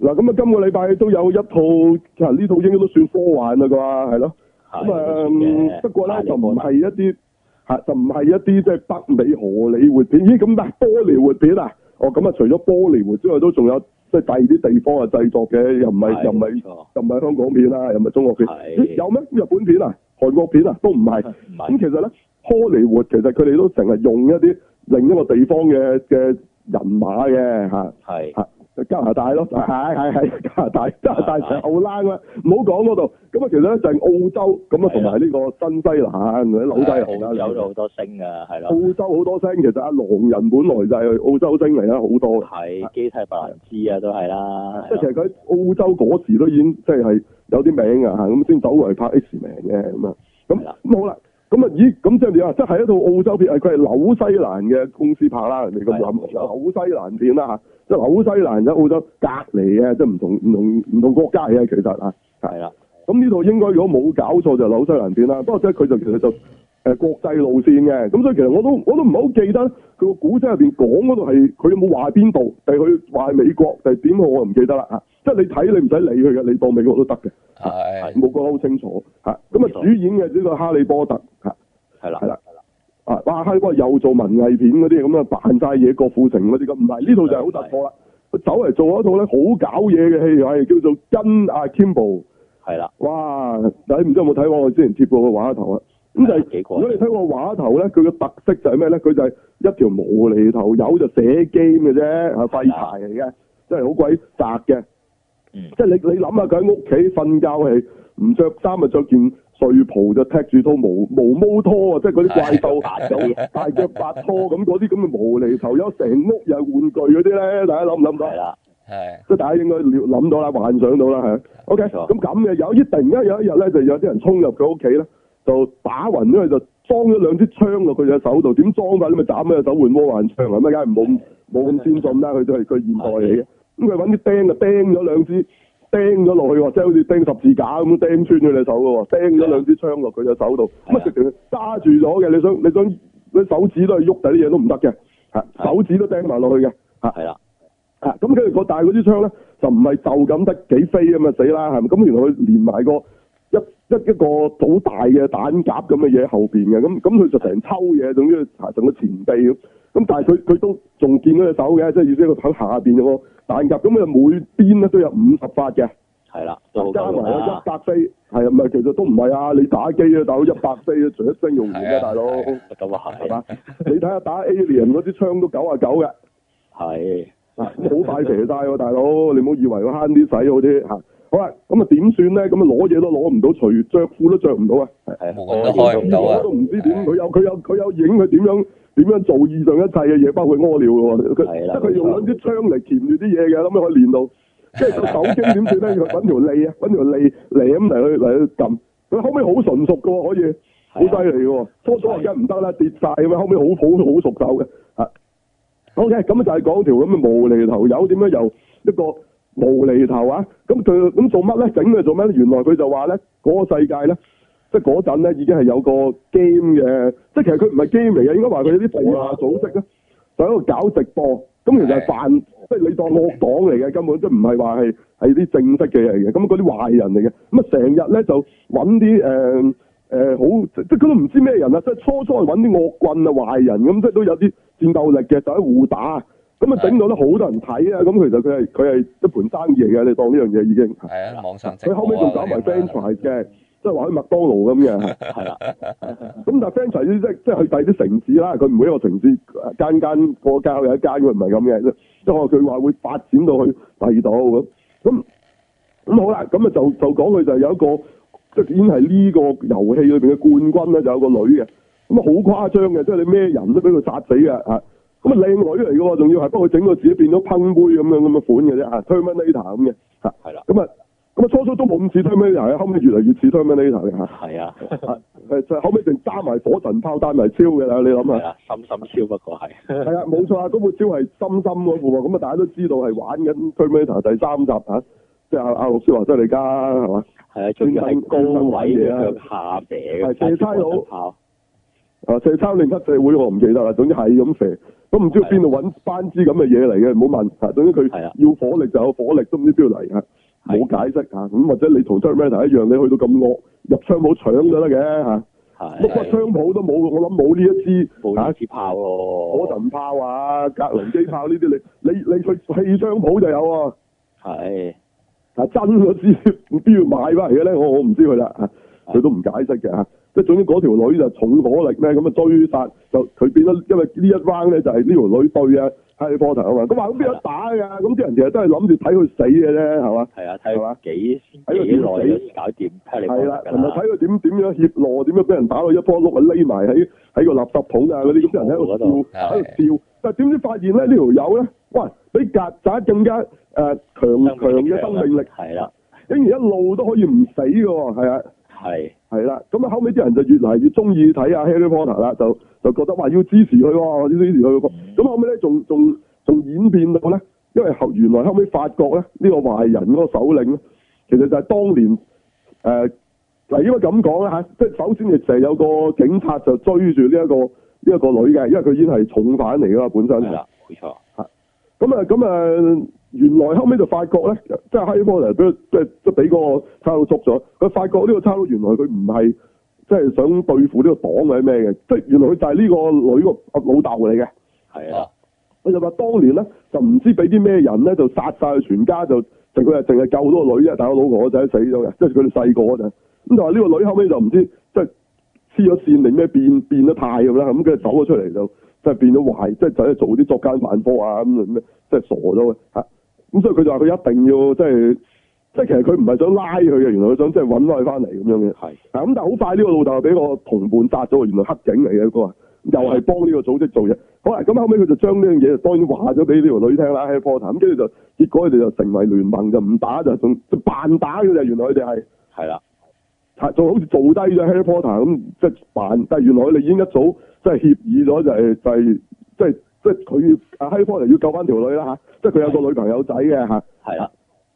嗱咁啊，今個禮拜都有一套，其實呢套應該都算科幻啊啩，係咯。咁、嗯、啊，不過咧就唔係一啲就唔係一啲即係北美荷里活片。咦，咁啊，波里活片啊？哦，咁啊，除咗波里活之外，都仲有即係第二啲地方啊製作嘅，又唔係又唔係又唔係香港片啦，又唔係中國片。咦，有咩？日本片啊，韓國片啊，都唔係。咁其實咧，荷里活其實佢哋都成日用一啲另一個地方嘅嘅人馬嘅加拿大咯，係係係加拿大，加拿大成澳南啦，唔好講嗰度。咁啊，其實咧就係澳洲，咁啊同埋呢個新西蘭，紐西蘭好啦。有咗好多星啊，係啦澳洲好多星，其實阿狼人本來就係澳洲星嚟啦，好多。係姬蒂白蘭芝啊，都係啦。即係其實佢喺澳洲嗰時都已經即係、就是、有啲名啊吓，咁先走嚟拍 H 名嘅咁啊。咁好啦。咁啊，咦？咁即係點啊？即係一套澳洲片，誒，佢係紐西蘭嘅公司拍啦。你咁諗，紐西蘭片啦嚇，即係紐西蘭嘅澳洲隔離嘅，即係唔同唔同唔同國家嘅，其實嚇。係啦。咁呢套應該，如果冇搞錯就紐西蘭片啦。不過即係佢就其實就誒國際路線嘅，咁所以其實我都我都唔係好記得。佢個古仔入邊講嗰度係佢有冇話喺邊度，定佢話喺美國，定點我唔記得啦嚇。即係你睇你唔使理佢嘅，你當美國都得嘅。係冇講得好清楚嚇。咁啊，主演嘅呢個《哈利波特》嚇係啦係啦係啦。啊，哇！哈利波特又做文藝片嗰啲咁啊，扮晒嘢，郭富城嗰啲咁。唔係呢套就係好突破啦。佢走嚟做一套咧好搞嘢嘅戲，係叫做 Guns Akimbo 係啦。哇！大家唔知有冇睇過我？我之前貼過個畫頭啊！咁就是、幾，如果你睇個畫頭咧，佢個特色就係咩咧？佢就係一條無厘頭友就寫 game 嘅啫，係廢柴嚟嘅，真係好鬼雜嘅。即係你你諗下佢喺屋企瞓覺，係唔着衫咪着件睡袍，就踢住套毛毛毛拖啊！即係嗰啲怪獸大腳白拖咁嗰啲咁嘅無厘頭友，成屋又玩具嗰啲咧，大家諗唔諗到？係啦，係，即係大家應該諗到啦，幻想到啦，吓。OK，咁咁嘅有，突然間有一日咧，就有啲人衝入佢屋企咧。就打暈咗佢，就裝咗兩支槍落佢隻手度，點裝法？你咪斬佢隻手換魔幻槍嚟咩？梗係冇冇咁先進啦，佢都係佢現代嚟嘅。咁佢揾啲釘啊，釘咗兩支釘咗落去喎，即係好似釘十字架咁，釘穿咗隻手噶，釘咗兩支槍落佢隻手度，咁啊直情揸住咗嘅。你想你想嗰啲手指都係喐，第啲啲嘢都唔得嘅，吓手指都釘埋落去嘅，啊係啦，啊咁跟住個大嗰支槍咧就唔係就咁得幾飛吖嘛，死啦，係咪？咁原來佢連埋個。一一一個好大嘅彈夾咁嘅嘢後邊嘅，咁咁佢就成抽嘢，等於爬上個前臂咁。咁但係佢佢都仲見到隻手嘅，即係意思個手下邊嘅喎。彈夾咁佢每邊咧都有五十發嘅，係啦，加埋有一百四，係唔係？其實都唔係啊，你打機啊， 一聲用完啊大佬一百四，啊，除一聲用完嘅大佬，咁啊係，你睇下打 Alien 嗰啲槍都九啊九嘅，係好快射晒喎，大佬，你唔好以為佢慳啲使好啲吓。好啦咁啊點算咧？咁啊攞嘢都攞唔到，除着褲都着唔到啊！係係，我開唔到啊！我都唔知點，佢有佢有佢有影佢點樣點樣做以上一切嘅嘢，包括屙尿㗎喎。係啦，佢用緊啲槍嚟填住啲嘢嘅，咁住可以練到，即係個手機點算咧？佢搵條脷啊，搵條脷舐嚟去嚟去撳。佢後尾好純熟㗎喎，可以好犀利嘅。初初而家唔得啦，跌晒咁咪後尾好好好熟手嘅吓。OK，咁就係講條咁嘅無厘頭友，點樣由一個。無厘頭啊！咁佢咁做乜咧？整佢做乜咧？原來佢就話咧，嗰個世界咧，即係嗰陣咧，已經係有個 game 嘅，即係其實佢唔係 game 嚟嘅，應該話佢有啲地下組織呢，就喺度搞直播。咁其實係犯，即係你當惡黨嚟嘅，根本即唔係話係係啲正式嘅嘢嚟嘅。咁嗰啲壞人嚟嘅，咁啊成日咧就揾啲誒誒好，即係佢都唔知咩人啊，即係初初係揾啲惡棍啊壞人咁，即係都有啲戰鬥力嘅，就喺互打。咁啊整到都好多人睇啊！咁其實佢係佢係一盤生意嘅，你當呢樣嘢已經係啊，網上佢、啊、後尾仲搞埋 franchise 嘅，即係話喺麥當勞咁嘅係啦。咁 但係 franchise 即係即係去第啲城市啦，佢唔會一個城市間間個間有一間佢唔係咁嘅。即係佢話會發展到去第二度咁。咁咁好啦，咁啊就就講佢就有一個即已經係呢個遊戲裏邊嘅冠軍咧，就有個女嘅咁啊好誇張嘅，即係你咩人都俾佢殺死啊！啊～咁啊靚女嚟噶，仲要係不過佢整個自己變咗噴杯咁樣咁嘅款嘅啫吓，Terminator 咁嘅吓係啦。咁啊咁啊初初都冇咁似 Terminator，後尾越嚟越似 Terminator 嘅吓，係啊，係就後尾成揸埋火神炮彈埋超嘅啦。你諗下，深深超不過係係啊，冇 錯啊，嗰部超係深深嗰部咁啊，大家都知道係玩緊 Terminator 第三集吓，即係阿阿諾舒華辛力加係嘛，係啊，穿低高位下嗲，係射差佬吓，啊射差兩會我唔記得啦，總之係咁射。都唔知去邊度搵班支咁嘅嘢嚟嘅，唔好問嚇。等於佢要火力就有火力，都唔知邊度嚟嘅，冇解釋嚇，咁或者你同 Zimmer 一樣，你去到咁惡入槍堡搶就得嘅嚇。係。乜槍堡都冇，我諗冇呢一支打一次炮咯，哦。火神炮啊，格林機炮呢啲， 你你你去第二槍堡就有啊。係。啊，真嗰支唔必要買翻嚟嘅咧，我我唔知佢啦嚇。佢都唔解釋嘅嚇。即總之嗰條女就重火力咩咁啊追殺，就佢變咗因為呢一 round 咧就係呢條女對啊喺你波頭啊嘛，咁話咁邊有打嘅，咁啲人其實都係諗住睇佢死嘅啫，係嘛？係啊，睇佢話幾幾耐先搞掂，係啦，同埋睇佢點點樣怯懦，點樣俾人打到一波碌匿埋喺喺個垃圾桶啊嗰啲，咁啲人喺度笑喺度笑，笑。但係點知發現咧呢條友咧，喂、這個，比曱甴更加誒強強嘅生命力，係啦，竟然一路都可以唔死喎，係啊。係係啦，咁啊後尾啲人就越嚟越中意睇阿 Harry Potter 啦，就就覺得話要支持佢，要支持佢咁、嗯、後尾咧，仲仲仲演變到咧，因為後原來後尾發覺咧呢、呢個壞人嗰個首領咧，其實就係當年誒，嗱、呃，因為咁講啦吓，即係首先亦成日有個警察就追住呢一個呢一、呢個女嘅，因為佢已經係重犯嚟噶嘛，本身係啦，冇錯，咁啊，咁原來後尾就發覺咧，即係哈利波特俾即係即俾個差佬捉咗。佢發覺呢個差佬原來佢唔係即係想對付呢個黨或者咩嘅，即係原來佢就係呢個女個老豆嚟嘅。係啊，我就話當年咧就唔知俾啲咩人咧就殺晒佢全家，就成佢係淨係救咗個女啫。但係我老婆個仔死咗嘅，即係佢哋細個嗰陣。咁就話呢個女後尾就唔知即係黐咗綫定咩變變咗態咁啦。咁佢走咗出嚟就即係變咗壞，即係就係做啲作奸犯科啊咁樣，即係傻咗吓。啊咁所以佢就話佢一定要即係，即係其實佢唔係想拉佢嘅，原來佢想即係搵佢翻嚟咁樣嘅。係，咁但係好快呢個老豆俾個同伴殺咗，原來黑警嚟嘅佢話，又係幫呢個組織做嘢。好啊，咁後尾佢就將呢樣嘢當然話咗俾呢條女聽啦，Harry Potter 咁，跟住就結果佢哋就成為聯盟就唔打就仲扮打佢啫，原來佢哋係係啦，就好似做低咗 Harry Potter 咁即係扮，但係原來佢哋已經一早即係協議咗就係、係、就係即係。即係佢阿希夫嚟要救翻條女啦吓，即係佢有個女朋友仔嘅吓，係啦，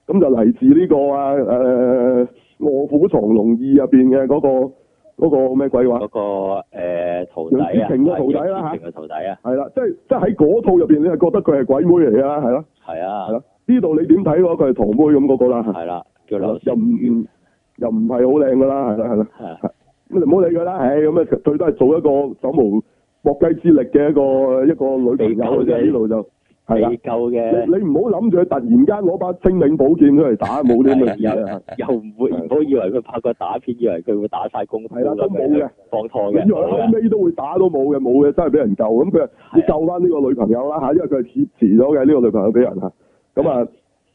咁就嚟自呢、這個啊誒臥虎藏龍二入邊嘅嗰個嗰、那個咩鬼話？嗰、那個誒、呃、徒弟啊，成個徒弟啦，成個徒弟啊，係啦，即係即係喺嗰套入邊，你係覺得佢係鬼妹嚟啦，係咯，係啊，係咯，呢度你點睇嘅，佢係堂妹咁嗰個啦，係啦，叫又唔又唔係好靚噶啦，係啦係啦，咁你唔好理佢啦，唉，咁啊最都係做一個手毛。莫計之力嘅一個一個女朋友嘅呢度就係啦，嘅。你唔好諗住佢突然間攞把精靈寶劍出嚟打，冇呢樣嘢，又又唔會，唔好以為佢拍個打片，以為佢會打晒功法啦，真冇嘅，當堂，嘅，以為佢後尾都會打都冇嘅，冇嘅，真係俾人救咁佢救翻呢個女朋友啦嚇，因為佢係劫持咗嘅呢個女朋友俾人啊，咁啊。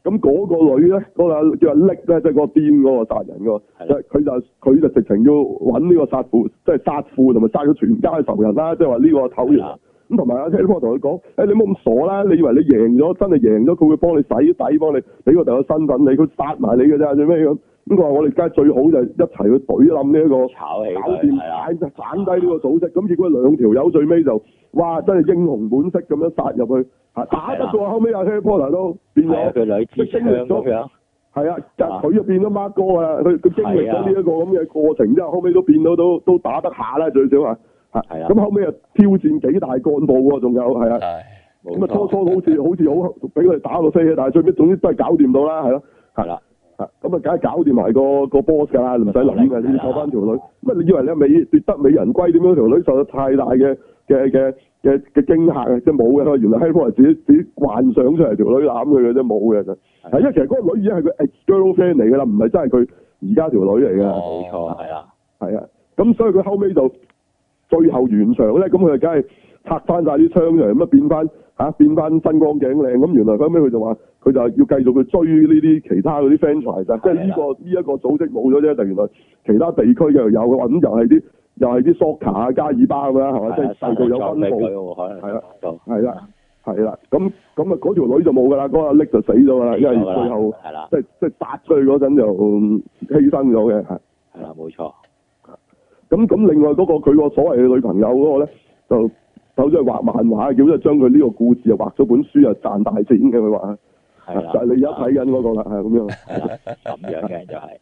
咁、那、嗰個女咧，那個叫阿叻咧，即、就、係、是、個癲個殺人個，佢就佢就直情要揾呢個殺父，即係殺父同埋殺咗全家嘅仇人啦，即係話呢個頭人。咁同埋阿聽哥同佢講，誒、欸、你唔好咁傻啦，你以為你贏咗真係贏咗，佢會幫你洗底，幫你俾個第二身份你，佢殺埋你嘅啫，做咩咁？咁佢話：我哋而家最好就一齊去懟冧呢一個炒起，搞掂，反反低呢個組織。咁結果兩條友最尾就。哇！真係英雄本色咁樣殺入去，打得過後後尾 hero 嚟都變咗，經歷咗，係啊，就佢就變咗 Mark 哥啊！佢佢經歷咗呢一個咁嘅過程，之後後尾都變到都都打得下啦，最少啊！係啊！咁後尾又挑戰幾大幹部喎，仲有係啊！咁啊，就初初好似好似好俾佢哋打到飛起，但係最尾總之都係搞掂到啦，係咯，係啦，咁啊，梗係搞掂埋個個 boss 噶啦，唔使諗噶，你要坐翻條女，乜你以為你尾奪得美人歸點樣？條女受得太大嘅。嗯嘅嘅嘅嘅驚嚇啊！即係冇嘅，原來係 Harry Potter 自己自己幻想出嚟條女攬佢嘅啫，冇嘅就係因為其實嗰個女已經係佢 ex girlfriend 嚟嘅啦，唔係真係佢而家條女嚟嘅。冇、嗯、錯，係啦，係啊，咁所以佢後尾就最後完場咧，咁佢就梗係拆翻晒啲槍嘅，乜變翻嚇變翻、啊、身光頸靚咁，原來後尾佢就話佢就要繼續去追呢啲其他嗰啲 friend 仔即係呢、呢個呢一、呢個組織冇咗啫，就原來其他地區嘅又有嘅話，咁就係啲。又係啲 soccer 啊、加爾巴咁啦，係、嗯、嘛，即係程度有分佈。係啦，係啦，係、嗯、啦，咁咁啊，嗰條、那個、女就冇噶啦，嗰、那個叻就死咗啦，因為最後即係即係殺佢嗰陣就犧牲咗嘅。係啦，冇錯。咁咁，另外嗰、那個佢個所謂嘅女朋友嗰個咧，就走咗去畫漫畫，結果將佢呢個故事又畫咗本書，又賺大錢嘅佢話。係就係、是、你而家睇緊嗰個啦，係咁樣、就是。咁樣嘅就係。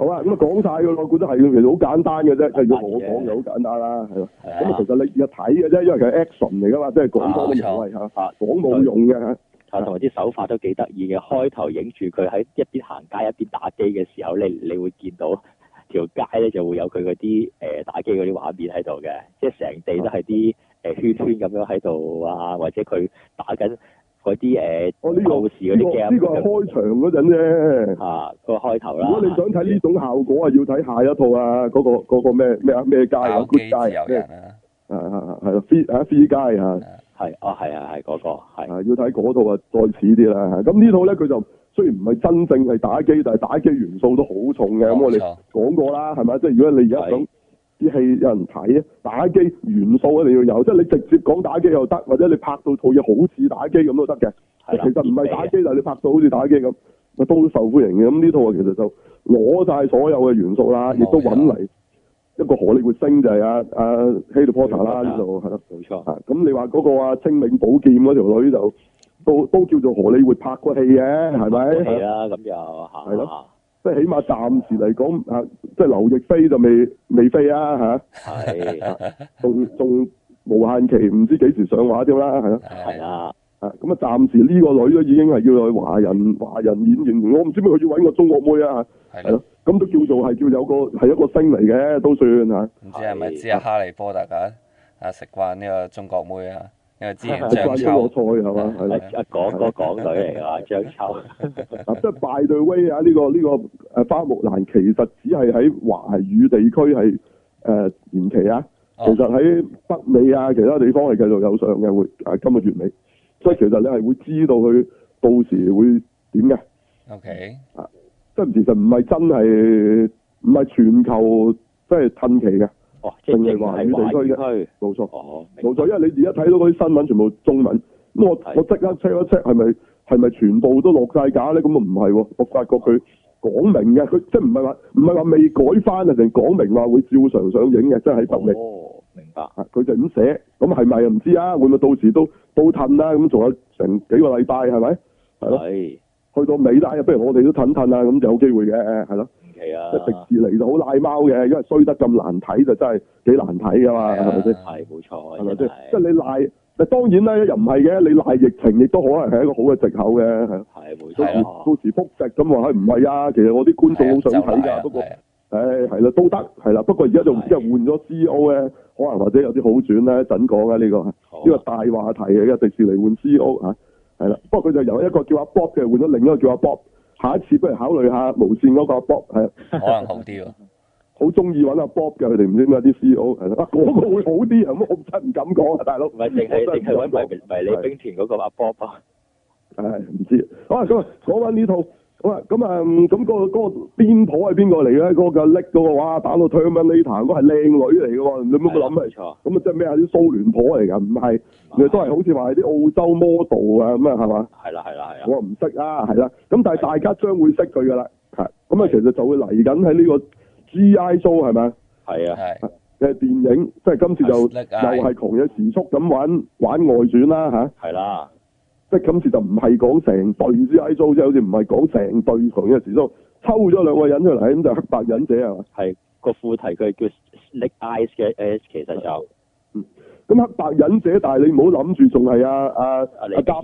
好啊，咁啊講晒噶咯，估都係，其實好簡單嘅啫，係要我講就好簡單啦，係咁、啊啊、其實你要睇嘅啫，因為佢 action 嚟噶嘛，即係講多都冇咩想講，冇用嘅。係同埋啲手法都幾得意嘅，開頭影住佢喺一邊行街一邊打機嘅時候，你你會見到條街咧就會有佢嗰啲誒打機嗰啲畫面喺度嘅，即係成地都係啲誒圈圈咁樣喺度啊，或者佢打緊。嗰啲誒，故事嗰啲 game，呢個係、這個這個、開場嗰陣啫，啊，個開頭啦。如果你想睇呢種效果啊，要睇下一套啊，嗰、那個、那個咩咩啊咩街啊，good 街，咩啊啊係啦 free 啊 free 街啊，係啊係啊係嗰、啊啊那個係，要睇嗰套啊再似啲啦。咁呢套咧佢就雖然唔係真正係打機，但係打機元素都好重嘅。咁、哦、我哋講過啦，係咪啊？即係如果你而家想。啲戲有人睇啊！打機元素一定要有，即係你直接講打機又得，或者你拍到套嘢好似打機咁都得嘅。係其實唔係打機，就係你拍到好似打機咁，都受歡迎嘅。咁呢套啊，其實就攞晒所有嘅元素啦，亦都揾嚟一個荷里活星就係啊啊哈利、啊、波特啦，呢套係啦，冇、啊、錯。咁你話嗰個啊《個清明寶劍》嗰條女就都都叫做荷里活拍過戲嘅、啊，係咪？係啦、啊，咁、啊啊、又行下、啊。即係起碼暫時嚟講啊，即係劉亦菲就未未飛啊吓，係仲仲無限期，唔知幾時上畫添啦，係咯、啊，係 啊，啊，啊咁啊，暫時呢個女都已經係要去華人華人演員，我唔知咩佢要搵個中國妹啊，係咯、啊，咁、啊啊、都叫做係有個係一個星嚟嘅都算啊，唔、啊、知係咪知啊哈利波特噶啊食慣呢個中國妹啊。誒，知啊，張秋，係嘛，係一港哥港隊嚟噶嘛，張秋、 這個這個，啊，即係 by the way 啊！呢個呢個誒，花木蘭其實只係喺華語地區係誒延期啊，okay. 其實喺北美啊，其他地方係繼續有上嘅，會誒、啊、今個月尾，所以其實你係會知道佢到時會點嘅。OK，啊，即、就、係、是、其實唔係真係，唔係全球即係褪期嘅。哦，淨係華語地區嘅，冇錯，冇錯，因為你而家睇到嗰啲新聞全部中文，咁我我即刻 check 一 check 係咪係咪全部都落晒架咧？咁啊唔係，我發覺佢講明嘅，佢即係唔係話唔係話未改翻啊？定講明話會照常上映嘅，即係喺北美。哦，明白。佢、哦哦哦、就咁寫，咁係咪啊？唔知啊，會唔會到時都都褪啦、啊？咁仲有成幾個禮拜係咪？係咯，去到尾啦，不如我哋都褪一褪啊，咁就有機會嘅，係咯。係啊，即迪士尼就好賴貓嘅，因為衰得咁難睇就真係幾難睇噶嘛，係咪先？係冇錯，係咪先？即係你賴，嗱當然咧又唔係嘅，你賴疫情亦都可能係一個好嘅借口嘅，係冇錯。到時到時復席咁話，唔、哎、係啊，其實我啲觀眾好想睇噶、啊，不過，誒係咯都得係啦，不過而家就唔知係換咗 C E O 咧，可能或者有啲好轉咧，一陣講啊呢個呢、呢個大話題嘅。而家迪士尼換 C E O 啊，係、嗯、啦，不過佢就由一個叫阿 Bob 嘅換咗另一個叫阿 Bob。下一次不如考慮下無線嗰個 Bob，係可能好啲喎。好鍾意揾阿 Bob 嘅佢哋，唔知點解啲 CEO 係啊嗰個會好啲啊！我真唔敢講、 那個、啊，大佬、哎。唔係淨係淨係揾埋埋李冰田嗰個阿 Bob。啊。唉、那個，唔知啊？哇！咁我講呢套。好咁啊，咁、嗰、嗰個嗰、嗰個、邊婆係邊、嗰個嚟嘅？嗰個又拎到嘅哇，打到推噴噴啲彈，嗰係靚女嚟嘅喎，你冇冇諗啊？錯，咁啊即係咩啊？啲蘇聯婆嚟㗎，唔係，你都係好似話係啲澳洲 model 啊咁啊，係嘛？係啦，係啦，係啦我唔識啊，係啦，咁但係大家將會識佢㗎啦。咁啊，其實就會嚟緊喺呢個 G I Show 係咪？係啊，係係電影，即係今次就又係狂野時速咁玩玩外傳啦、啊、吓？係啦。即今次就唔係講成隊 G I Joe 即好似唔係講成隊同一時都抽咗兩個人出嚟，咁就是、黑白忍者啊，係個副題佢叫 Snake Eyes 嘅，其實就是、是嗯。咁黑白忍者，但係你唔好諗住仲係啊，阿阿甲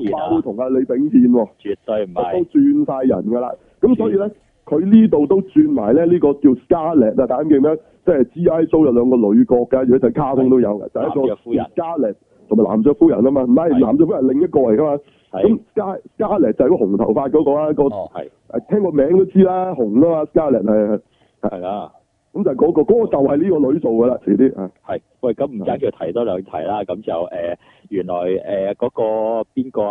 同阿李炳憲、啊啊啊，絕對唔係都轉晒人噶啦。咁所以咧，佢呢度都轉埋咧呢個叫 Scarlett，大家記咩，即、就、係、是、G I Joe 有兩個女角嘅，如果就卡通都有嘅，就一、是、個 Scarlett。Garlets, 同埋男爵夫人啊嘛，唔係男爵夫人另一個嚟噶嘛。咁加加尼就係嗰個紅頭髮嗰、那個啦，哦那個聽個名都知啦，紅啊嘛，加尼係係啦。咁就係嗰、那個，嗰、嗯那個就係呢個女做噶啦，遲啲。係。喂，咁唔緊要，提多兩題啦。咁就誒、呃，原來誒嗰、呃那個邊個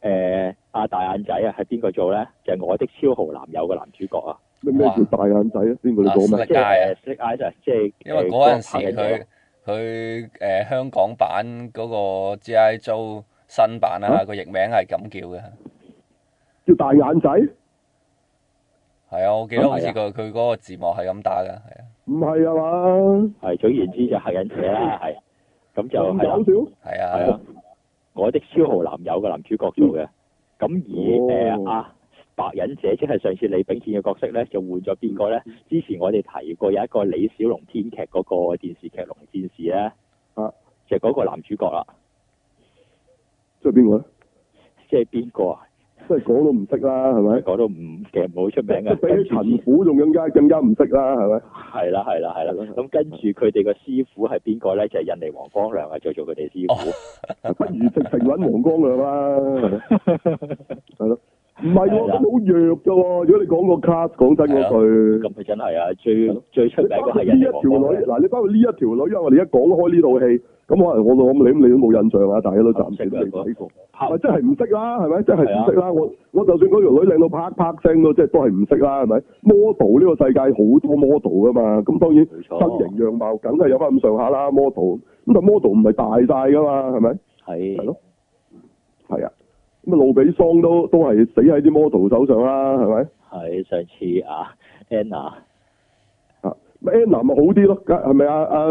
誒阿、呃、大眼仔啊，係邊個做咧？就係、是、我的超豪男友嘅男主角啊。咩、啊、叫大眼仔你講啊？邊個做啊？即係、呃。因為嗰陣時佢。佢誒香港版嗰個 G.I. Joe 新版啊，佢譯名係咁叫嘅，叫大眼仔。係啊，我記得好似佢佢嗰個字幕係咁打噶，係啊。唔係啊嘛。係，總言之就係眼仔啦，係。咁就係搞笑。係啊。係啊。我的超豪男友個男主角做嘅，咁而誒啊。白忍者即係、就是、上次李炳憲嘅角色咧，就換咗邊個咧？之前我哋提過有一個李小龍編劇嗰個電視劇《龍戰士》咧，啊，就嗰、是、個男主角啦。即係邊個咧？即係邊個啊？即係講到唔識啦，係咪？講到唔其實唔好出名嘅。比起陳虎仲更加更加唔識啦，係咪？係啦係啦係啦，咁跟住佢哋個師傅係邊個咧？就係印尼黃光亮啊，就做佢哋師傅。Oh. 不如直情揾黃光亮啦，係咯。 唔係我都冇弱嘅喎，如果你講個 cast 講真嗰句，咁佢真係啊最最，最出名係呢一條女，嗱你包括呢一條女，因為我哋一講開呢套戲，咁可能我我咁你你都冇印象啊，大家都暫時未睇過，係咪真係唔識啦？係咪真係唔識啦？我我就算嗰條女靚到啪啪聲咯，即係都係唔識啦，係咪？model 呢個世界好多 model 噶嘛，咁當然身形樣貌梗係有翻咁上下啦，model，咁但 model 唔係大晒噶嘛，係咪？係。係咯。係啊。咁路比桑都都係死喺啲 model 手上啦，係咪？係上次啊 Anna 啊，咁 Anna 咪好啲咯，係咪啊啊？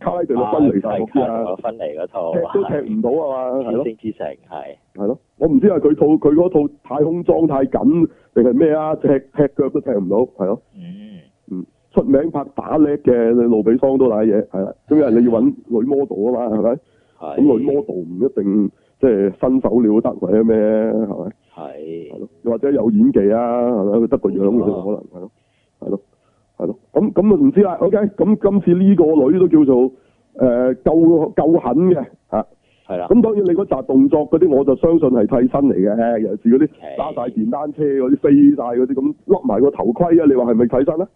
卡拉迪咪分離晒，嗰啲啊，啊分離嗰套踢都踢唔到啊嘛，係咯？天之城係係咯，我唔知係佢套佢套太空裝太緊，定係咩啊？踢踢腳都踢唔到，係咯？嗯，出名拍打叻嘅路比桑都打嘢，係啊，咁人你要揾女 model 啊嘛，係咪？係咁女 model 唔一定。即係身手了得或者咩，係咪？係。係咯，又或者有演技啊，係咪？佢得個樣嘅可能，係、嗯、咯，係咯，係咯。咁咁啊唔知啦。OK，咁今次呢個女都叫做誒、呃、夠夠狠嘅吓係啊。咁當然你嗰扎動作嗰啲，我就相信係替身嚟嘅，尤其係嗰啲揸曬電單車嗰啲飛曬嗰啲咁笠埋個頭盔啊！你話係咪替身呢？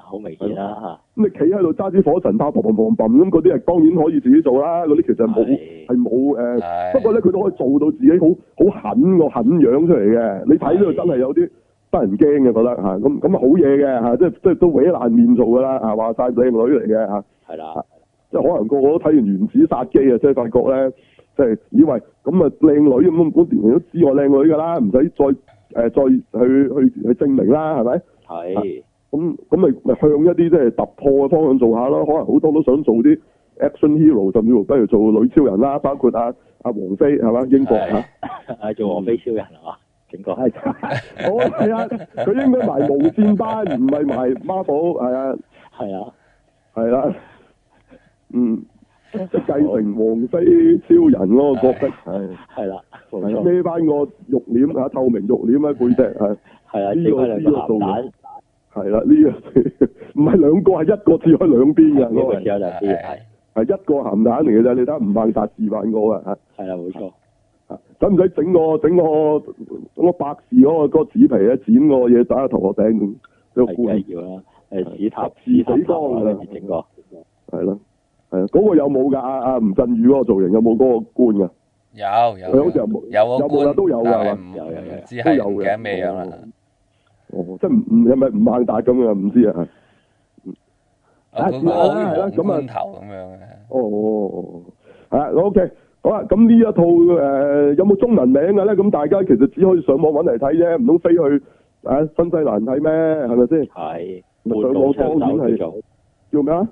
好明顯啦！咁你企喺度揸支火神炮，嘭嘭嘭嘭咁，嗰啲啊當然可以自己做啦。嗰啲其實冇係冇誒，不過咧佢都可以做到自己好好狠個狠樣出嚟嘅。你睇到真係有啲得人驚嘅，覺得吓咁咁啊好嘢嘅吓，即係即係都搲爛面做噶啦吓，話晒靚女嚟嘅吓。係啦，即係可能個個都睇完《原子殺機》啊，即係發覺咧，即係以為咁啊靚女咁，部電腦都知我靚女噶啦，唔使再誒再去去去證明啦，係咪？係。咁咁咪咪向一啲即係突破嘅方向做下咯，可能好多都想做啲 action hero，甚至乎不如做女超人啦，包括阿、啊、阿王菲係嘛，英國吓，啊做王菲超人啊，整個嗨查，好啊，係啊，佢應該賣無線班，唔係賣 Marvel，係啊，係啊，係啦，嗯，即繼承王菲超人嗰個角色係，係、啊、啦，孭翻個玉鏈吓、啊，透明肉鏈啊，背脊係，係啊，呢個呢個係啦，呢、這個唔係兩個，係一個字開兩邊嘅，嗰、那個字就係係係一個鹹蛋嚟嘅啫，你睇下五萬殺二萬個噶吓。係啦，冇錯。使唔使整個整個我白事嗰個嗰個紙皮咧，剪個嘢打喺頭殼頂咁？係計要啦，誒，紙塔紙水缸整個，係咯，係、那個、啊，嗰個有冇噶？阿阿吳振宇嗰個造型有冇嗰個官？噶？有有，有，有啊冠，都有啊，唔知有，驚咩樣啦？哦、即係唔唔係咪萬達咁樣唔知啊、哎，啊，好啦，咁啊，頭咁樣啊。哦哦啊，啊，啊、嗯、啊，OK，好啦，咁呢一套誒、呃、有冇中文名嘅咧？咁大家其實只可以上網揾嚟睇啫，唔通飛去啊新西蘭睇咩？係咪先？係半路槍手叫做叫咩啊？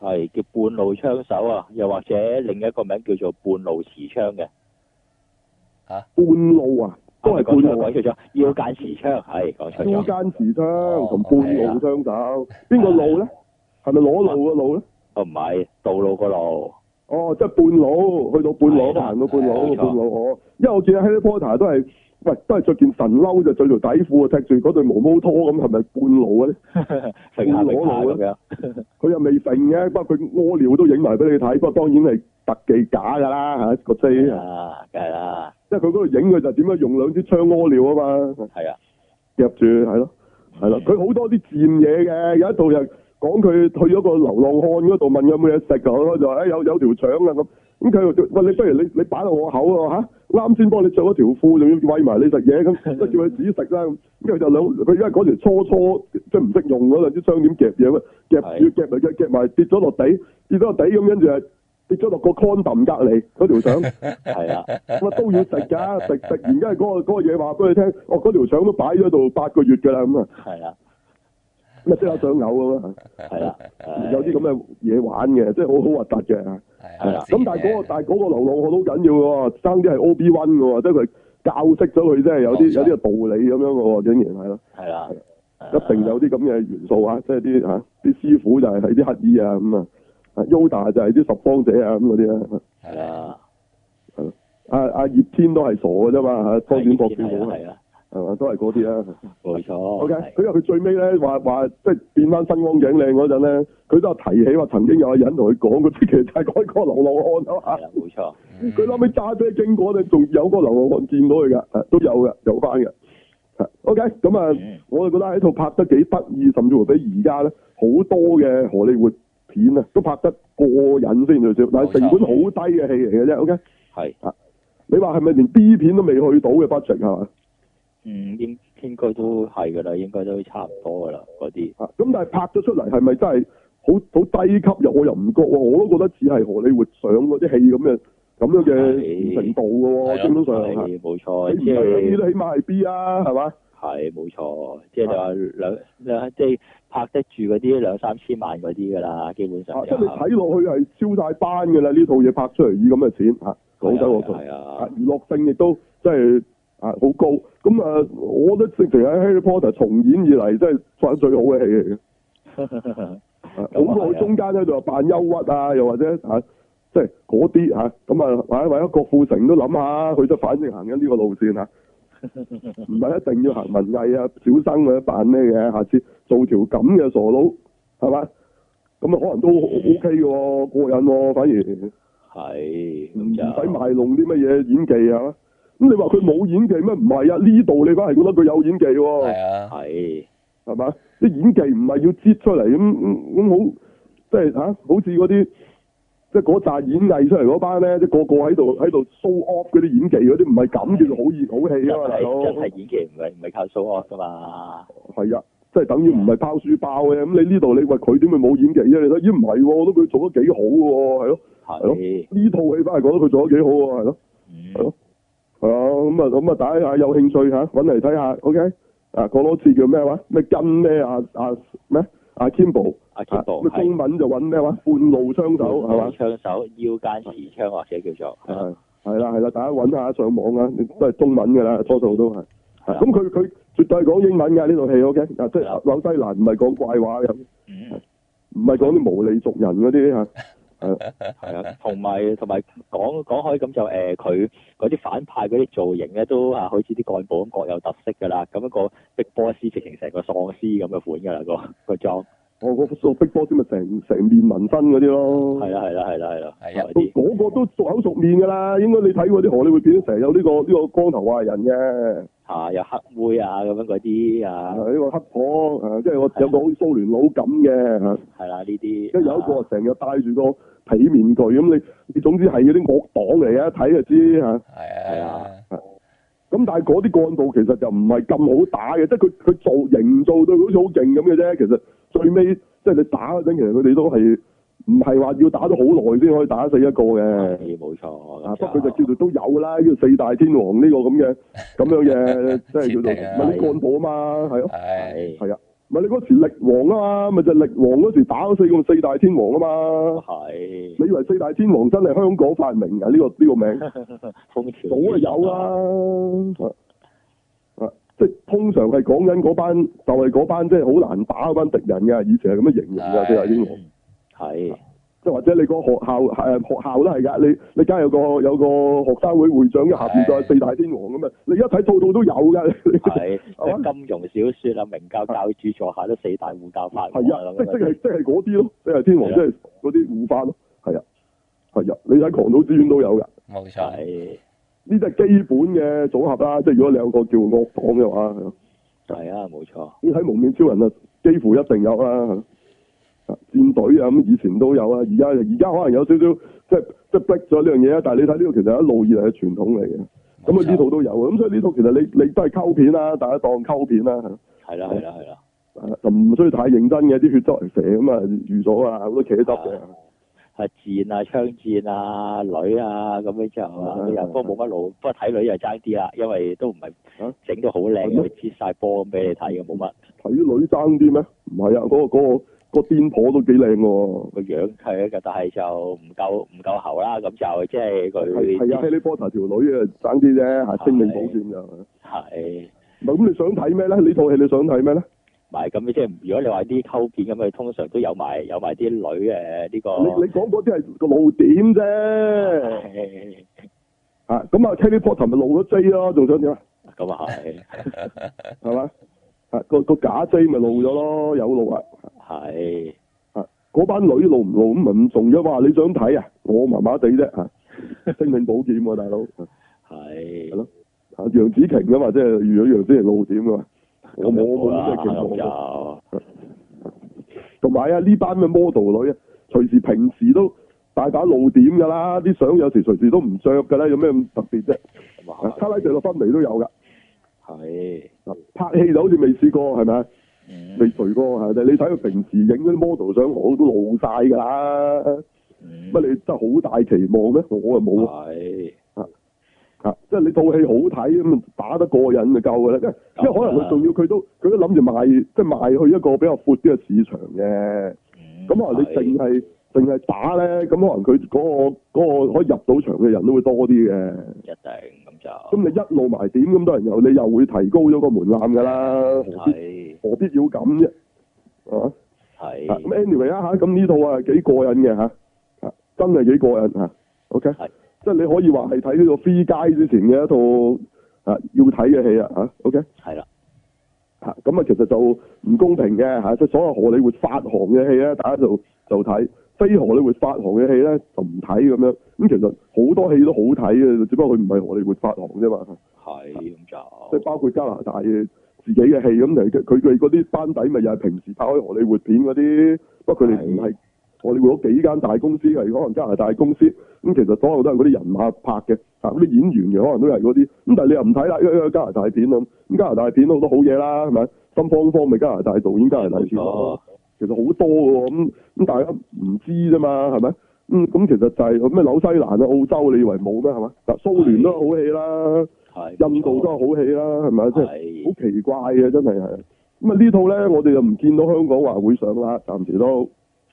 係叫半路槍手啊，又或者另一個名叫做半路持槍嘅嚇。半路啊！都係半路揾出咗，要間持槍、啊、中間持槍係講錯咗。腰間持槍同半路相等，邊個路咧？係、哎、咪裸路個路咧？啊，唔係道路個路。哦，即係半路，去到半路行到半路，半路可。因為我見 Harry Potter 都係，喂，都係着件神褸就着條底褲啊，踢住嗰對毛毛拖咁，係咪半路咧 半裸路咁佢又未剩嘅，不過佢屙尿都影埋俾你睇。不過當然係特技假噶啦嚇，個 J 啊，梗係啦。即係佢嗰度影佢就點樣用兩支槍屙尿啊嘛，係啊，夾住係咯，係咯，佢好 多啲賤嘢嘅，有一度又講佢去咗個流浪漢嗰度問有冇嘢食，佢就話誒、哎、有有條腸啊咁，咁佢話喂你不如你你擺落我口啊嚇，啱先幫你着咗條褲仲要餵埋你食嘢咁，都叫佢自己食啦咁，跟 住就兩佢因為嗰時初初即係唔識用嗰兩支槍點夾嘢啊，夾住夾埋 夾夾埋跌咗落地，跌咗落地咁跟住。跌咗落個 condom 隔離嗰條腸，係、那個、 啊，咁啊都要食㗎，食食完跟住嗰個嘢話俾你聽，我嗰條腸都擺咗度八個月㗎啦，咁啊，係啊，咁啊即係想嘔咁啊，啦、啊啊那個啊，有啲咁嘅嘢玩嘅，即係好好核突嘅，係啦。咁但係嗰個但係嗰個流浪漢好緊要喎，生啲係 OB one 嘅喎，即係佢教識咗佢，即係有啲有啲道理咁樣喎，竟然係咯，啦、啊啊，一定有啲咁嘅元素啊，即係啲啲師傅就係啲乞衣啊咁啊。阿 Uda 就係啲拾荒者啊咁嗰啲啊，係啊，係阿阿葉天都係傻嘅啫嘛吓，方展博好係啊，係嘛，都係嗰啲啊，冇錯。OK，佢又佢最尾咧話話即係變翻新光景靚嗰陣咧，佢都係提起話曾經有個人同佢講過啲嘅， 就係嗰個流浪漢啊嘛，冇錯。佢後尾揸車經過咧，仲有個流浪漢見到佢噶，都有嘅，有翻嘅。OK，咁啊，我就覺得喺套拍得幾得意，甚至乎比而家咧好多嘅荷里活。片啊，都拍得過癮先就算，但係成本好低嘅戲嚟嘅啫。O K，係啊，你話係咪連 B 片都未去到嘅 budget 係嘛？嗯，應應該都係噶啦，應該都差唔多噶啦，嗰啲。啊，咁但係拍咗出嚟係咪真係好好低級，又我又唔覺，我都覺得似係荷里活上嗰啲戲咁樣咁樣嘅程度噶喎，基本上係冇錯，都起碼係 B 啊，係嘛？係冇錯，即係就話兩即係拍得住嗰啲兩三千萬嗰啲噶啦，基本上。啊，真係睇落去係超大班嘅啦，呢套嘢拍出嚟以咁嘅錢吓，好鬼惡趣，啊，娛樂性亦都即係啊好高。咁啊，我覺得直情喺 Harry Potter 重演以嚟，真係拍最好嘅戲嚟嘅。咁 啊，嗯嗯嗯嗯嗯嗯嗯、中間喺度扮憂鬱啊，又或者啊，即係嗰啲吓，咁啊，啊，或者或者郭富城都諗下，佢都反正行緊呢個路線吓。啊唔 係一定要行文藝啊，小生或者扮咩嘅，下次做條咁嘅傻佬，係嘛？咁啊，可能都 O K 嘅，過癮喎。反而係唔使賣弄啲乜嘢演技啊？咁你話佢冇演技咩？唔係啊，呢度你反而覺得佢有演技喎。係啊，係，係嘛？啲演技唔、啊、係、啊、要擠出嚟咁咁好，即係吓，好似嗰啲。即係嗰扎演藝出嚟嗰班咧，即係個個喺度喺度 show off 嗰啲演技嗰啲，唔係咁叫做好熱好戲啊嘛！真係演技唔係唔係靠 show off 噶嘛？係、嗯、啊，即係等於唔係拋書包嘅咁。你呢度你話佢點會冇演技啫？你睇咦唔係喎，我覺得佢做得幾好喎，係咯係咯。呢套戲反而覺得佢做得幾好喎，係咯係咯。係啊咁啊咁啊，大家有興趣吓揾嚟睇下。OK 啊，講多次叫咩話咩金咩阿阿咩？阿 Kimbo，阿 Kimbo，咩中文就揾咩話，半路槍手係嘛？槍手腰間持槍或者叫做係係啦係啦，大家揾下上網啊，都係中文㗎啦，多數都係。咁佢佢絕對係講英文㗎呢套戲，OK，嗱即紐西蘭唔係講怪話嘅，唔係講啲無理族人嗰啲 嗯，係啊，同埋同埋講講開咁就誒、是，佢嗰啲反派嗰啲造型咧，都啊好似啲幹部咁各有特色噶啦，咁、那、一個 Big Boss 直情成個喪屍咁嘅款噶啦個、那個裝。我我做逼波啲咪成成面紋身嗰啲咯，係啦，係啦，係啦，係啦，嗰個都熟口熟面噶啦。應該你睇嗰啲河，你會見到成日有呢個呢個光頭壞人嘅，嚇，有黑妹啊咁樣嗰啲啊，呢個黑婆即係我有個好似蘇聯佬咁嘅，係啦呢啲。跟住有一個成日戴住個皮面具咁，你你總之係嗰啲惡黨嚟嘅，一睇就知嚇。係啊，咁但係嗰啲幹部其實就唔係咁好打嘅，即係佢佢造型造到好似好勁咁嘅啫，其實。最尾即係你打嗰陣其實佢哋都係唔係話要打咗好耐先可以打死一個嘅。冇錯啊，不過佢就叫做都有啦。呢個四大天王呢、呢個咁嘅咁樣嘢，真係叫做咪啲、啊、幹部啊嘛，係咯，係啊，咪、啊啊啊啊、你嗰時力王啊嘛，咪就係力王嗰時打咗四個四大天王啊嘛。係、啊。你以為四大天王真係香港發明啊？呢、呢個呢、呢個名，早啊有啊。 即通常係講緊嗰班，就係、係、嗰班即係好難打嗰班敵人㗎。以前係咁樣形容㗎四大天王，係即係或者你個學校係學校都係㗎。你你家有個有個學生會會長嘅下邊就係四大天王咁啊。你一睇套套都有㗎，係金庸小說啊、明教教主座下都四大護教法，係啊，即係即係嗰啲咯。四大天王即係嗰啲護法咯。係啊，係啊，你睇《狂刀之冤》都有㗎，冇錯。係呢啲係基本嘅組合啦，即係如果你有個叫惡黨嘅話，係啊，冇錯。你睇蒙面超人啊，幾乎一定有啦。啊，戰隊啊咁以前都有啊，而家而家可能有少少即係即係逼咗呢樣嘢啊，但係你睇呢個其實係一路以嚟嘅傳統嚟嘅，咁啊呢套都有啊，咁所以呢套其實你你都係溝片啦，大家當溝片啦，係啦係啦係啦，係啊，係啊就唔需要太認真嘅，啲血都係蛇咁啊預咗啊，好多茄汁嘅。係、啊、戰啊，槍戰啊，女啊，咁樣就，後啊，啲人波冇乜路，不過睇女又爭啲啦，因為都唔係整到好靚，又切晒波咁俾你睇嘅，冇乜。睇女爭啲咩？唔係啊，嗰、啊嗰個嗰、嗰個、嗰個癲婆都幾靚嘅，個樣係啊，但係就唔夠唔夠喉啦，咁就即係佢。係啊 Harry Potter 條女啊，爭啲啫，吓生命保險就。係。唔係咁你想睇咩咧？呢套戲你想睇咩咧？咪咁嘅啫，如果你話啲溝片咁，佢通常都有埋有埋啲女誒呢、這個。你你講嗰啲係露點啫，吓咁啊 Harry Potter 咪露咗 J 咯，仲想點啊？咁啊係，係嘛？ 啊個個假 J 咪露咗咯，有露啊！係啊，嗰班女露唔露咁唔重要，話你想睇啊？我麻麻地啫吓，性命保健啊，大佬係，咯，楊紫瓊啊楊子嘛，即係如果楊紫瓊露點啊嘛。我冇冇咩期望，同埋啊呢班嘅 model 女啊，隨時平時都大把露點噶啦，啲相有時隨時都唔着噶啦，有咩咁特別啫？哇！卡拉城嘅分離都有噶，係拍戲就好似未試過係咪？未隨過係咪？你睇佢平時影嗰啲 model 相，我都露晒噶啦，乜、嗯、你真係好大期望咩？我啊冇啊。啊！即係你套戲好睇咁，打得過癮就夠嘅啦。即係可能佢仲要佢都佢都諗住賣，即係賣去一個比較闊啲嘅市場嘅。咁、嗯、啊，你淨係淨係打咧，咁可能佢嗰、嗰個、嗰個可以入到場嘅人都會多啲嘅。一定咁就咁你一路埋點咁多人又你又會提高咗個門檻噶啦。何必要咁啫？啊係咁、啊、Anyway 啊，咁呢套啊幾過癮嘅吓，啊真係幾過癮吓、啊。OK。你可以話係睇呢個《Free Guy》之前嘅一套啊，要睇嘅戲啊嚇，OK？係啦，嚇咁啊，其實就唔公平嘅嚇。即、啊、所有荷里活發行嘅戲咧，大家就就睇；非荷里活發行嘅戲咧，就唔睇咁樣。咁、啊、其實好多戲都好睇嘅，只不過佢唔係荷里活發行啫嘛。係咁就即係包括加拿大嘅自己嘅戲咁嚟嘅，佢佢嗰啲班底咪又係平時拍開荷里活片嗰啲，不過佢哋唔係。我哋會咗幾間大公司，係可能加拿大公司，咁、嗯、其實所有都係嗰啲人馬拍嘅，啊，啲演員嘅可能都係嗰啲，咁但係你又唔睇啦，因為因為加拿大片咁，咁加拿大片好多好嘢啦，係咪？心慌方咪加拿大導演、加拿大片，其實好多喎。咁、嗯，咁大家唔知啫嘛，係咪？咁、嗯、咁、嗯、其實就係咩紐西蘭啊、澳洲，你以為冇咩係嘛？嗱，蘇聯都好戲啦，係，印度都有好戲啦，係咪？即係，好奇怪呀，真係，咁、嗯、啊呢套咧，我哋就唔見到香港話會上啦，暫時都。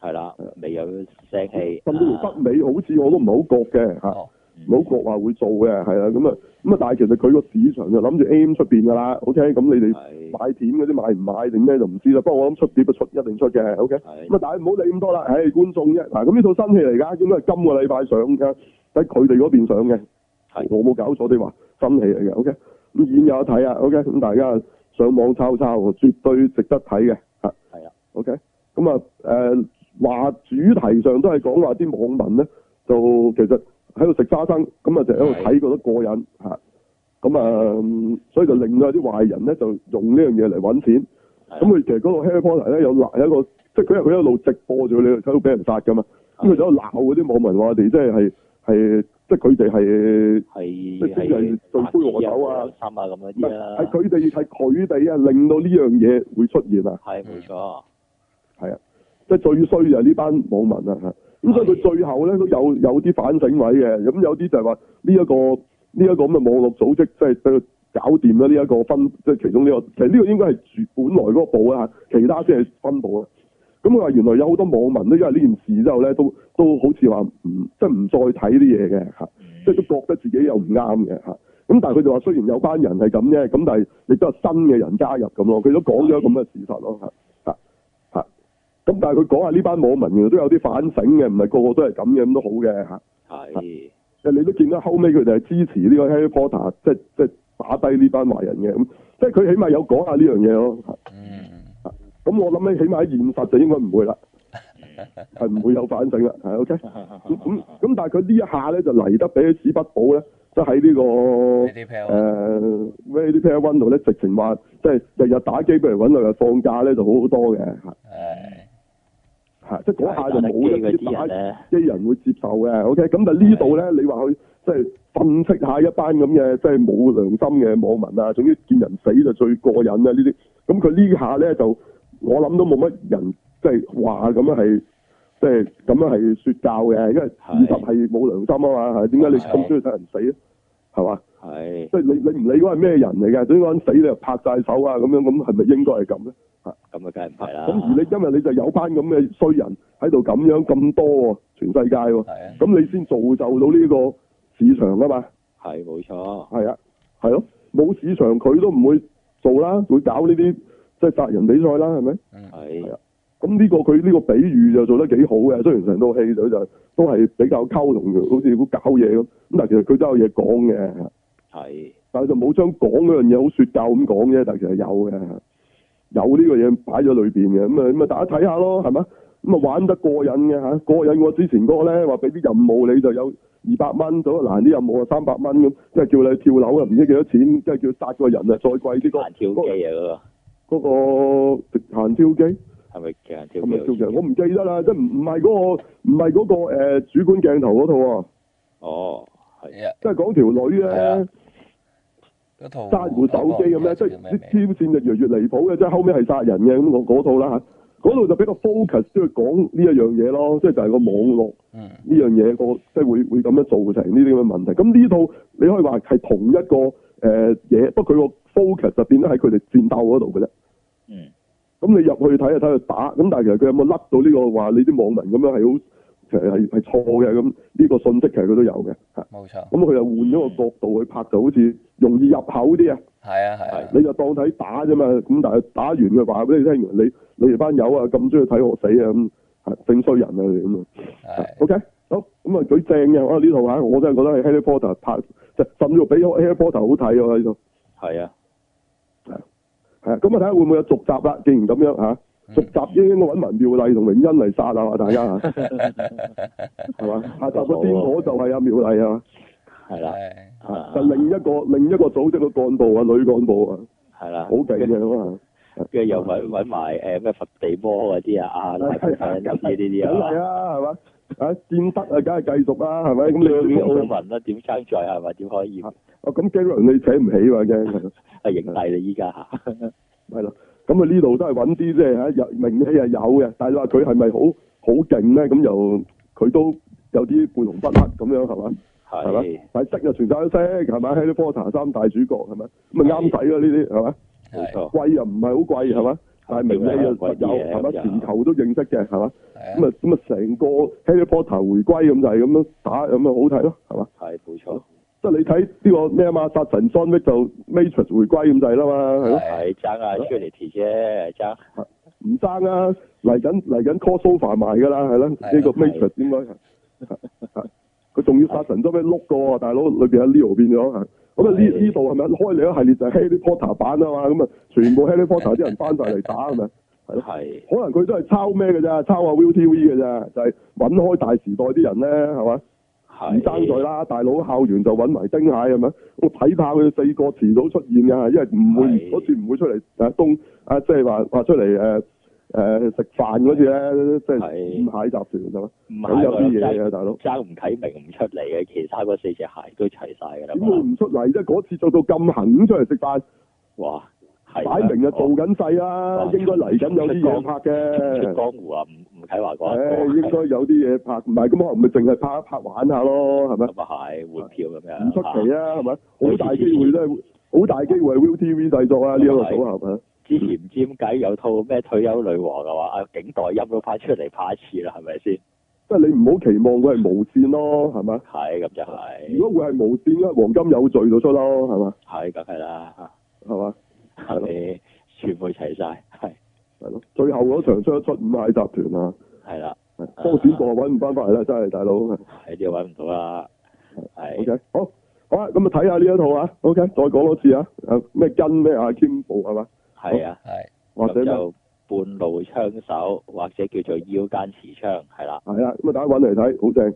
係啦，未有聲氣。甚至乎北美、啊、好似我都唔好覺嘅吓，唔、哦、好、啊、覺話會做嘅係啊。咁啊咁啊，但係其實佢個市場就諗住 A.M 出邊噶啦。好聽咁，你哋買片嗰啲買唔買定咩就唔知啦。不過我諗出碟嘅出一定出嘅，OK。咁、嗯哎、啊，但係唔好理咁多啦。唉，觀眾啫。嗱，咁呢套新戲嚟噶，應該係今個禮拜上嘅，喺佢哋嗰邊上嘅。係我冇搞錯，你話新戲嚟嘅，OK。咁演有得睇啊，OK。咁大家上網抄抄，絕對值得睇嘅吓。係啊，OK。咁啊誒。話主題上都係講話啲網民咧，就其實喺度食花生，咁啊就喺度睇覺得過癮吓，咁啊所以就令到啲壞人咧就用呢樣嘢嚟搵錢，咁佢、嗯、其實嗰個 hair 咧有鬧有一個，即係佢佢一路直播住你睇到俾人殺噶嘛，咁佢就喺度鬧嗰啲網民話我哋即係係係即係佢哋係係係對杯我酒啊，咁係係佢哋係佢哋啊令到呢樣嘢會出現啊，係冇錯，係啊。即係最衰啊！呢班網民啊嚇，咁所以佢最後咧都有有啲反省位嘅，咁有啲就係話呢一個呢一個咁嘅網絡組織即係對搞掂咗呢一個分，即係其中呢個其實呢個應該係本來嗰個部啊，其他先係分部啊。咁佢話原來有好多網民都因為呢件事之後咧都都好似話唔即係唔再睇啲嘢嘅嚇，即係都覺得自己又唔啱嘅嚇。咁但係佢哋話雖然有班人係咁啫，咁但係亦都係新嘅人加入咁咯。佢都講咗咁嘅事實咯嚇。咁但係佢講下呢班網民原來都有啲反省嘅，唔係個個都係咁嘅，都好嘅嚇。係，你都見到後尾佢哋係支持呢個 Harry Potter，即係即係打低呢班壞人嘅。咁即係佢起碼有講下呢樣嘢咯。嗯。咁我諗起起碼喺現實就應該唔會啦，係 唔會有反省啦。係 OK。 咁咁但係佢呢一下咧就嚟得俾屎不保咧，即喺呢個誒呢啲 Twitter 度咧，呃、直情話即係日日打機，不如揾佢又放假咧就好好多嘅。係。係，即係嗰下就冇一啲一啲人會接受嘅。OK，咁但係呢度咧，你話佢即係訓斥下一班咁嘅，即係冇良心嘅網民啊！總之見人死就最過癮啊。呢啲咁佢呢下咧就我諗都冇乜人即係話咁樣係，即係咁樣係説教嘅，因為事實係冇良心啊嘛，係點解你咁中意睇人死咧？係嘛？係，即係你你唔理嗰係咩人嚟嘅，所以嗰人死你就拍晒手啊，咁樣咁係咪應該係咁咧？啊，咁啊梗係唔係啦。咁而你因為你就有班咁嘅衰人喺度咁樣咁多喎，全世界喎，係啊，咁你先造就到呢個市場啊嘛。係冇錯。係啊，係咯、啊，冇市場佢都唔會做啦，會搞呢啲即係殺人比賽啦，係咪？嗯、啊，係、啊。咁、這、呢個佢呢個比喻就做得幾好嘅，雖然成套戲就就都係比較溝同嘅，好似好搞嘢咁。咁但其實佢都有嘢講嘅，係，但係就冇將講嗰樣嘢好說教咁講啫。但其實有嘅，有呢個嘢擺咗裏邊嘅。咁啊咁啊，大家睇下咯，係咪？咁啊玩得過癮嘅吓，過癮！我之前嗰個咧話俾啲任務你就有二百蚊左右，嗱，啲任務啊三百蚊咁，即係叫你跳樓啊，唔知幾多錢，即係叫殺個人啊，再貴啲、啊那個。嗰、那個嗰個彈跳機。係咪我唔記得啦，即係唔唔係嗰個，唔、那個誒、呃，主管鏡頭嗰套啊。哦、oh, yeah.，係、yeah. 啊、嗯，即係講條女啊，揸住部手機咁咧，即係啲天線就越嚟越離譜嘅，即係後尾係殺人嘅咁我嗰套啦吓。嗰度就比較 focus，即係講呢一樣嘢咯，即係就係、是、個網絡呢、嗯、樣嘢個，即係會會咁樣造成呢啲咁嘅問題。咁呢套你可以話係同一個誒嘢、呃，不過佢個 focus 就變咗喺佢哋戰鬥嗰度嘅啫。咁你入去睇啊，睇佢打，咁但係其實佢有冇甩到呢、這個話？你啲網民咁樣係好，其實係係錯嘅咁，呢個信息其實佢都有嘅嚇。冇錯。咁佢又換咗個角度去拍，嗯、就好似容易入口啲啊。係啊係。係、啊，你就當睇打啫嘛。咁但係打完佢話俾你聽，你你哋班友啊咁中意睇我死啊咁，正衰人啊你咁啊。OK，好，咁啊最正嘅，哇呢套啊，我真係覺得係 Harry Potter 拍，就甚至比 Harry Potter 好睇喎喺度。係啊。咁啊睇下會唔會有續集啦？既然咁樣嚇、啊，續集應該搵埋妙麗同榮恩嚟殺啦嘛、啊，大家係嘛？ 下集個癲火就係阿、啊、妙麗啊，係啦，啦，啦，啦，就另一個、啊、另一個組織嘅幹部啊，女幹部啊，係啦，好勁嘅嘛，跟住又揾揾埋誒咩佛地魔嗰啲啊，嚟揾啲呢啲啊，係啊，係、啊、嘛？啊啊，戰得啊，梗係繼續啦，係咪？咁、嗯、你奧文啦，點、嗯、爭在係咪？點可以？哦、啊，咁基隆你請唔起喎，已經。係影帝你依家係。係啦，咁啊呢度、啊啊啊啊、都係揾啲即係嚇，入、啊、名氣係有嘅。但係你話佢係咪好好勁咧？咁又佢都有啲半紅不黑咁樣係嘛？係。係嘛？但係識又全晒識係咪？喺啲哈利波特三大主角係咪？咁咪啱仔咯呢啲係嘛？係、啊啊。貴又唔係好貴係嘛？大明名咧，有係嘛，全球都認識嘅係嘛，咁啊咁啊成個 Harry Potter 回歸咁就係咁樣打咁，啊好睇咯係嘛，係冇錯，即係你睇呢個咩啊嘛殺神三逼就 Matrix 回歸咁就係啦嘛係咯，係爭啊！quality 啫爭，唔爭啊，嚟緊嚟緊 Call Sofa 賣㗎啦係啦，呢個 Matrix 應該係佢，仲要殺神都畀碌過大佬，裏邊有 Leo 變咗係咁啊呢呢度係咪開另一系列就係 Harry Potter 版啊嘛？咁啊全部 Harry Potter 啲人翻晒嚟打係咪？係 可能佢都係抄咩嘅啫？抄下、啊、ViuTV 嘅啫，就係、係、揾開大時代啲人咧係嘛？唔爭在啦，大佬校園就揾埋丁蟹係咪？我睇怕佢四個遲早出現㗎，因為唔會好似唔會出嚟啊東啊，即係話話出嚟誒。啊誒食飯嗰次咧，即係五蟹集團唔咁有啲嘢嘅大佬，爭吳啟明唔出嚟嘅，其他嗰四隻鞋都齊晒噶啦。點會唔出嚟啫？嗰次做到咁狠出嚟食飯，哇！擺、啊、明就做緊細啦，應該嚟緊有啲嘢拍嘅。出江湖啊！吳吳啟華講。誒，應該有啲嘢拍，唔係咁我唔咪淨係拍一拍玩一下咯，係咪？咁嘅鞋，活跳咁樣。唔出奇啊，係、啊、咪？好、啊啊啊啊啊啊啊啊、大機會咧，好、啊、大機會 ViuTV 製作啊，呢一、啊這個組合係咪？之前唔知點解有套咩退休女王嘅話，啊警代音都派出嚟拍一次啦，係咪先？即係你唔好期望佢係無綫咯，係嘛？係咁就係、是。如果會係無綫咧，黃金有罪就出咯，係嘛？係，梗係啦，係嘛？係咪全部齊晒，係係咯，最後嗰場出一出五蟹集團啊，係啦，多錢部揾唔翻翻嚟啦，真係大佬。呢啲搵唔到啦，係。OK，好，好啦，咁啊睇下呢一套啊。OK，再講多次啊，咩跟咩 Akimbo 係嘛？係啊，係、哦，或者就半路槍手，或者叫做腰間持槍，係啦、啊，係啦，咁啊，大家揾嚟睇，好正。